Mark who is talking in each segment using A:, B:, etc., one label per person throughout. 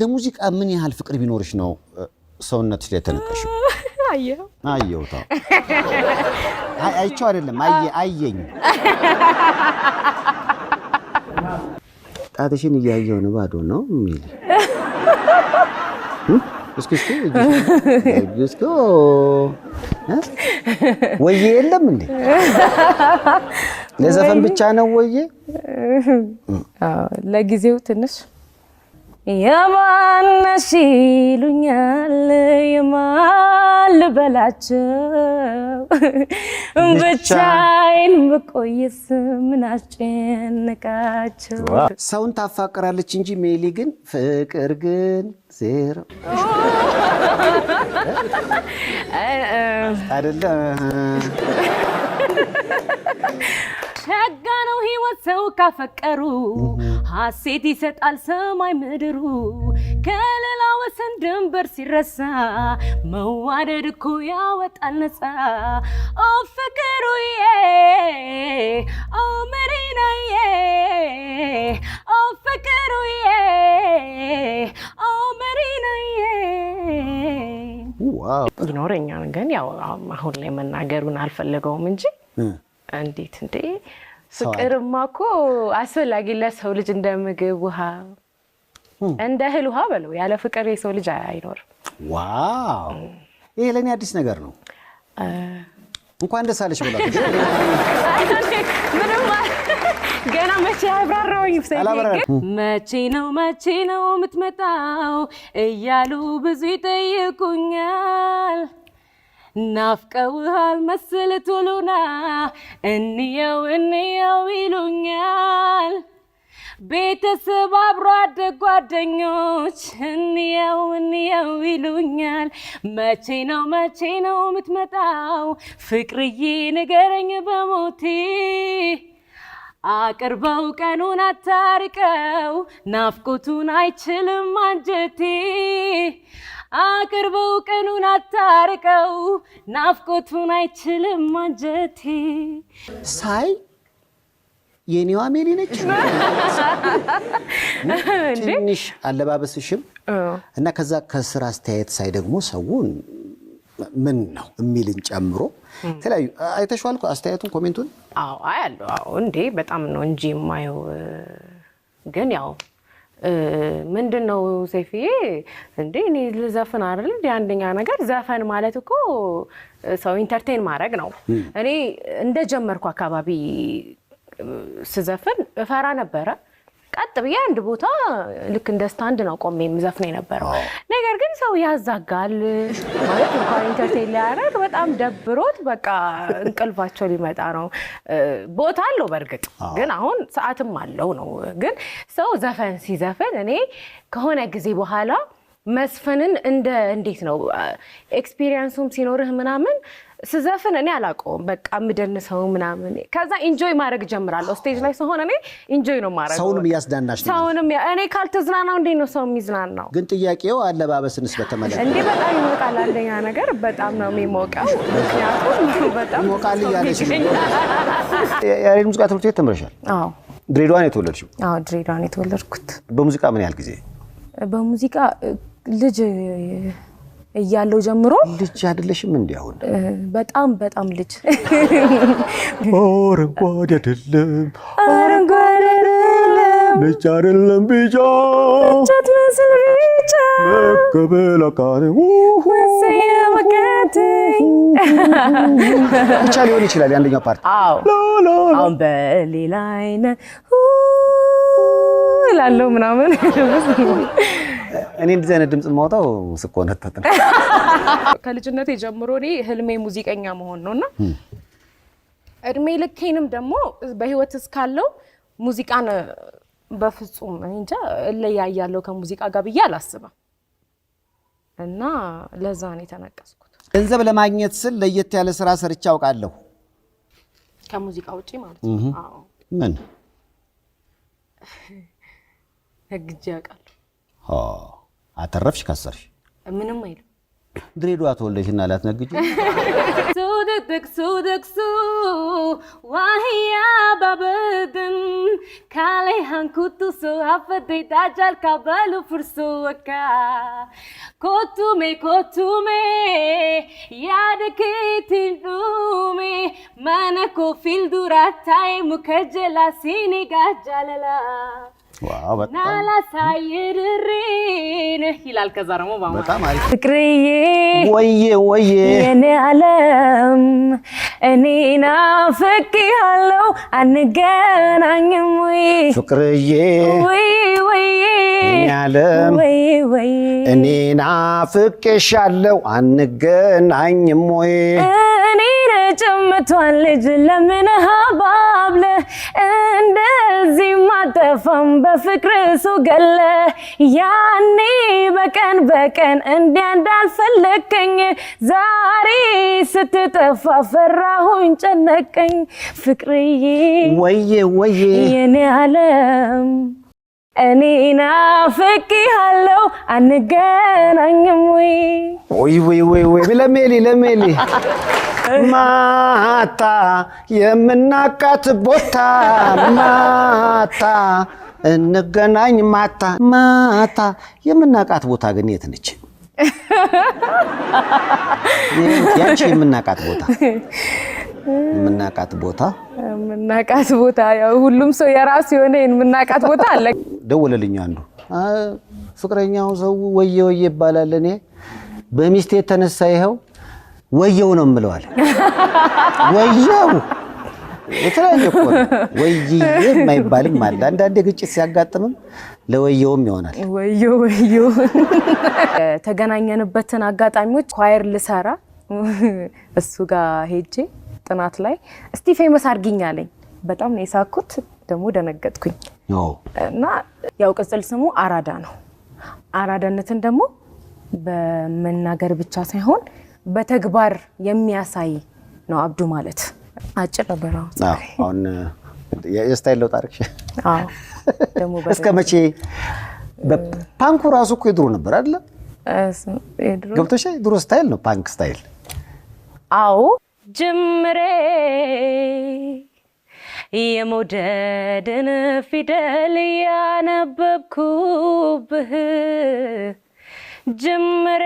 A: ለሙዚቃ ምን ያህል ፍቅር ቢኖርሽ ነው ሰውነትሽ ላይ የተነቀሽው? አየኸው? አየሁት። አይቼው አይደለም አየኝ። ጣትሽን እያየሁ ነው። ባዶ ነው የሚል እስኪ እስኪ እስኪ የለም እንዴ? ለዘፈን ብቻ ነው ወየ
B: ለጊዜው ትንሽ የማነሽ ይሉኛል የማን ልበላቸው
A: ብቻዬን ብቆይስ ምን አስጨነቃቸው። ሰውን ታፋቅራለች እንጂ ሜሊ ግን ፍቅር ግን ዜሮ አይደለም።
B: ሰው ካፈቀሩ ሀሴት ይሰጣል ሰማይ ምድሩ። ከሌላ ወሰን ድንበር ሲረሳ መዋደድ እኮ ያወጣል ነፃ። ኦ ፍቅሩዬ፣ ኦ መሪናዬ፣ ኦ ፍቅሩዬ፣ ኦ መሪናዬ ይኖረኛል። ግን ያው አሁን ላይ መናገሩን አልፈለገውም እንጂ እንዴት እንዴ ፍቅርማ እኮ አስፈላጊ ለሰው ልጅ እንደ ምግብ ውሃ፣ እንደ እህል ውሃ በለው። ያለ ፍቅር የሰው ልጅ አይኖርም።
A: ዋው! ይሄ ለእኔ አዲስ ነገር ነው። እንኳን ደስ አለሽ ብላ
B: ገና መቼ ያብራራውኝ መቼ ነው መቼ ነው የምትመጣው እያሉ ብዙ ይጠይቁኛል። ናፍቀውሃል መሰለ ቶሎና እንየው እንየው ይሉኛል ቤተሰብ አብሮ አደግ ጓደኞች እንየው እንየው ይሉኛል። መቼ ነው መቼ ነው የምትመጣው ፍቅርዬ ንገረኝ በሞቴ አቅርበው ቀኑን አታርቀው ናፍቆቱን አይችልም አንጀቴ አቅርበው ቀኑን አታርቀው ናፍቆቱን አይችልም አንጀቴ
A: ሳይ የኔዋ ሜሊ ነች። ትንሽ አለባበስሽም እና ከዛ ከስራ አስተያየት ሳይ ደግሞ ሰውን ምን ነው የሚልን ጨምሮ የተለያዩ አይተሽዋል። አስተያየቱን ኮሜንቱን
B: አዎ አያለሁ። እንዴ በጣም ነው እንጂ የማየው ግን ያው ምንድን ነው ሴፍዬ፣ እንዴ እኔ ልዘፍን አይደል? አንደኛ ነገር ዘፈን ማለት እኮ ሰው ኢንተርቴን ማድረግ ነው። እኔ እንደጀመርኩ አካባቢ ስዘፍን እፈራ ነበረ ቀጥ ብዬ አንድ ቦታ ልክ እንደ ስታንድ ነው ቆሜ የምዘፍነው የነበረው። ነገር ግን ሰው ያዛጋል ማለት እንኳን ኢንተርቴን ሊያደርግ በጣም ደብሮት በቃ እንቅልፋቸው ሊመጣ ነው። ቦታ አለው በእርግጥ ግን አሁን ሰዓትም አለው ነው። ግን ሰው ዘፈን ሲዘፍን እኔ ከሆነ ጊዜ በኋላ መስፈንን እንደ እንዴት ነው ኤክስፒሪየንሱም ሲኖርህ ምናምን ስዘፍን እኔ አላውቀውም። በቃ የምደንሰው ምናምን ከዛ ኢንጆይ ማድረግ ጀምራለሁ። ስቴጅ ላይ ስሆን እኔ ኢንጆይ ነው ማድረግ።
A: ሰውንም እያስዳናሽ
B: ሰውንም እኔ ካልተዝናናው እንዴት ነው ሰው የሚዝናናው?
A: ግን ጥያቄው አለባበስንስ በተመለከተ
B: እንዴ፣ በጣም ይሞቃል። አንደኛ ነገር በጣም ነው የሚሞቀው። ምክንያቱም
A: ይሞቃል እያለሽ ሙዚቃ ትምህርት ቤት ተምረሻል? አዎ። ድሬዳዋ ነው የተወለድሽው?
B: አዎ፣ የተወለድኩት።
A: በሙዚቃ ምን ያህል ጊዜ?
B: በሙዚቃ ልጅ እያለው ጀምሮ
A: ልጅ አይደለሽም? እንዲ አሁን
B: በጣም በጣም ልጅ አረንጓዴ
A: አይደለም አረንጓዴ አይደለም ልጅ አይደለም ቢጫ ብቻ ሊሆን ይችላል የአንደኛው ፓርት
B: አሁን በሌላ አይነት ላለው ምናምን
A: እኔ እንደዚህ አይነት ድምፅ ማውጣው ስቆነጠጥ ነው።
B: ከልጅነቴ ጀምሮ እኔ ህልሜ ሙዚቀኛ መሆን ነው እና እድሜ ልኬንም ደግሞ በህይወት እስካለው ሙዚቃን በፍጹም እንጃ እለያያለሁ ከሙዚቃ ጋር ብዬ አላስብም እና ለዛ ነው የተነቀስኩት።
A: ገንዘብ ለማግኘት ስል ለየት ያለ ስራ ሰርቼ አውቃለሁ።
B: ከሙዚቃ ውጪ ማለት ነው። ምን ነግጄ አውቃለሁ?
A: አተረፍሽ ከሰርሽ ምንም አይልም። ድሬዳዋ ተወለድሽና ላትነግጅ
B: ሱደቅሱደቅሱ ዋህያ ባበድን ካለይ ሃንኩቱሱ አፈደይ ዳጃል ካበሉ ፍርሱ ወካ ኮቱሜ ኮቱሜ ያደኬትን ዱሜ ማነኮ ፊልዱራታይ ሙከጀላ ሲኒ ጋጃለላ ናላሳይድሬን ይላል። ከዛ ደግሞ
A: ፍቅርዬ ወዬ ወዬ የኔ ዓለም እኔ ናፍቄሃለሁ አንገናኝም ወይ ፍቅርዬ ወይ ወዬ ዓለም ወዬ ወዬ እኔ ናፍቄሻለሁ አንገናኝም ወይ ተጨምቷል ልጅ ለምን ሀባብለ እንደዚህ ማጠፋም በፍቅር እሱ ገለ ያኔ በቀን በቀን እንዲያ እንዳልፈለከኝ ዛሬ ስትጠፋ ፈራሁኝ ጨነቀኝ ፍቅርዬ ወዬ ወዬ የኔ አለም እኔ ናፍቄሃለሁ አንገናኝም ወይ ወይ ወይ ወይ ወይ ለሜሊ ለሜሊ ማታ የምናቃት ቦታ ማታ እንገናኝ ማታ ማታ የምናቃት ቦታ ግን የት ነች? ያቺ የምናቃት ቦታ የምናቃት ቦታ
B: የምናቃት ቦታ ሁሉም ሰው የራሱ የሆነ የምናቃት ቦታ አለ።
A: ደወለልኝ አንዱ ፍቅረኛው ሰው ወየ ወየ ይባላል። እኔ በሚስቴ የተነሳ ይኸው ወየው ነው የምለዋል። ወየው የተለያየ እኮ ነው። ወይዬ የማይባልም አለ። አንዳንዴ ግጭት ሲያጋጥምም ለወየውም ይሆናል።
B: ወየ ወየ ተገናኘንበትን አጋጣሚዎች ኳየር ልሰራ እሱ ጋር ሄጄ ጥናት ላይ እስቲ ፌመስ አድርጊኝ አለኝ። በጣም ነው የሳኩት፣ ደግሞ ደነገጥኩኝ። እና ያው ቅጽል ስሙ አራዳ ነው። አራዳነትን ደግሞ በመናገር ብቻ ሳይሆን በተግባር የሚያሳይ ነው። አብዱ ማለት አጭር ነበር።
A: አሁን የስታይል ለውጥ አድርግ እስከ መቼ? ፓንኩ ራሱ እኮ የድሮ ነበር አለ ገብቶሻ? የድሮ ስታይል ነው ፓንክ ስታይል።
B: አዎ ጅምሬ የመውደድን ፊደል ያነበብኩብህ ጅምሬ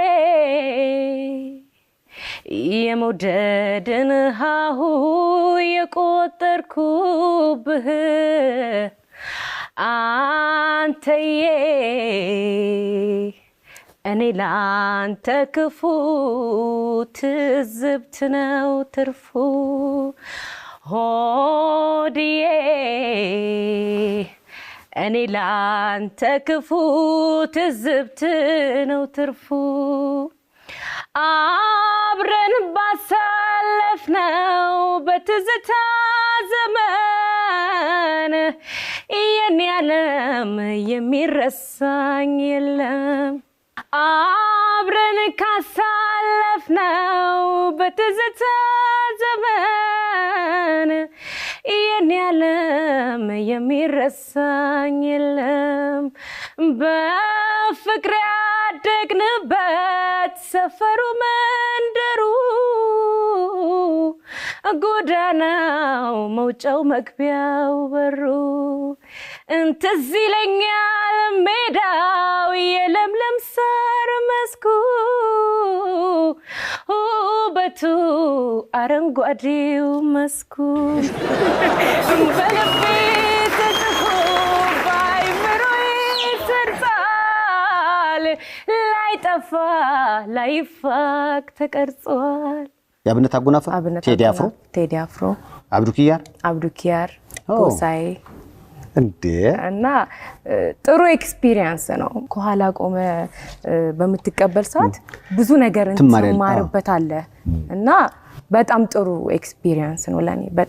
B: የመውደድን ሃሁ የቆጠርኩብህ አንተዬ እኔ ላንተ ክፉ ትዝብት ነው ትርፉ ሆድዬ እኔ ላንተ ክፉ ትዝብት ነው ትርፉ አብረን ባሳለፍ ባሳለፍነው በትዝታ ዘመን የኔ ያለም የሚረሳኝ የለም። አብረን ካሳለፍነው በትዝታ ዘመን ቀን የኔ ያለም የሚረሳኝ የለም። በፍቅር ያደግንበት ሰፈሩ መንደሩ ጎዳናው መውጫው መግቢያው በሩ እንትዝ ይለኛል ሜዳው የለምለም ሳር መስኩ ቤቱ አረንጓዴው መስኩ በልቤ ተጽፎ በአእምሮዬ ሰርጿል ላይጠፋ ላይፋቅ ተቀርጿል።
A: የአብነት አጎናፍር፣ ቴዲ አፍሮ፣ ቴዲ አፍሮ፣ አብዱኪያር
B: አብዱኪያር አብዱ ጎሳዬ እንዴ! እና ጥሩ ኤክስፒሪየንስ ነው። ከኋላ ቆመ በምትቀበል ሰዓት ብዙ ነገር ትማርበታለህ እና በጣም ጥሩ ኤክስፒሪየንስ ነው ለኔ።